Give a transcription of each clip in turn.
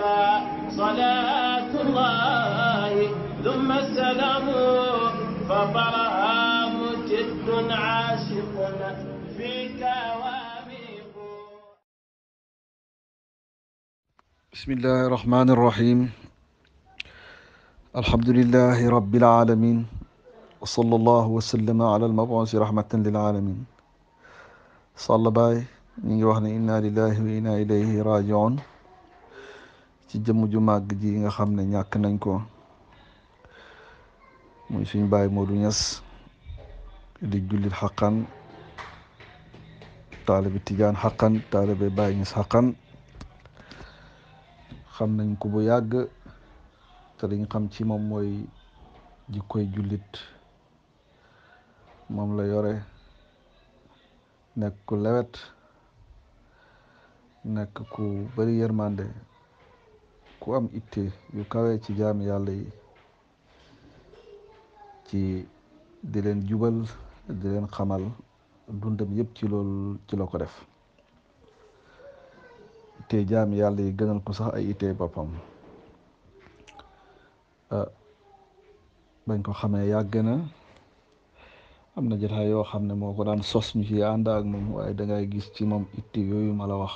عليك صلاة الله ثم السلام فطرها مجد عاشق فيك واميق بسم الله الرحمن الرحيم الحمد لله رب العالمين وصلى الله وسلم على المبعوث رحمة للعالمين صلى باي نيجي واحنا إنا لله وإنا إليه راجعون ci jëmm ju màgg ji nga xam ne ñàkk nañ ko muy suñ bàyyi Modou ñas di jullit xaqan taalibi tijaan xaqan taalibi Baye Niass xaqan xam nañ ko bu yàgg te dañ xam ci moom mooy koy julit moom la yore nekk ku lewet nekk ku bari yërmande ku am itte yu kawe ci jaam yàlla ci di leen jubal di leen xamal dundam yëpp ci loolu ci la ko def te jaam yàlla yi gënal ko sax ay itte boppam ah, bañ ko xamee yàgg na am na jotaay yoo xam ne moo ko daan sos ñu ci ànd ak moom waaye dangay gis ci moom itte yooyu ma la wax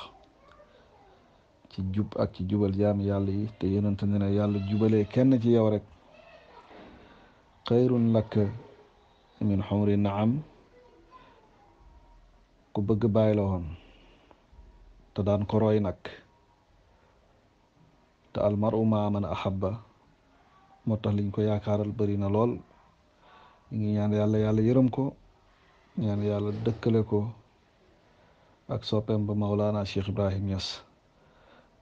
ci jub ak ci jubal jaami yàlla yi te yonente ne yàlla jubalee kenn ci yow rek xayrun lakk min xumri naam ku bëgg bàyyi la woon te daan ko roy nag te almaru maa man ahabba moo tax liñ ko yaakaaral bëri na lool ñu ngi ñaan yàlla yàlla yërëm ko ñaan yàlla dëkkale ko ak soppeem ba Maulana Cheikh Ibrahim Niass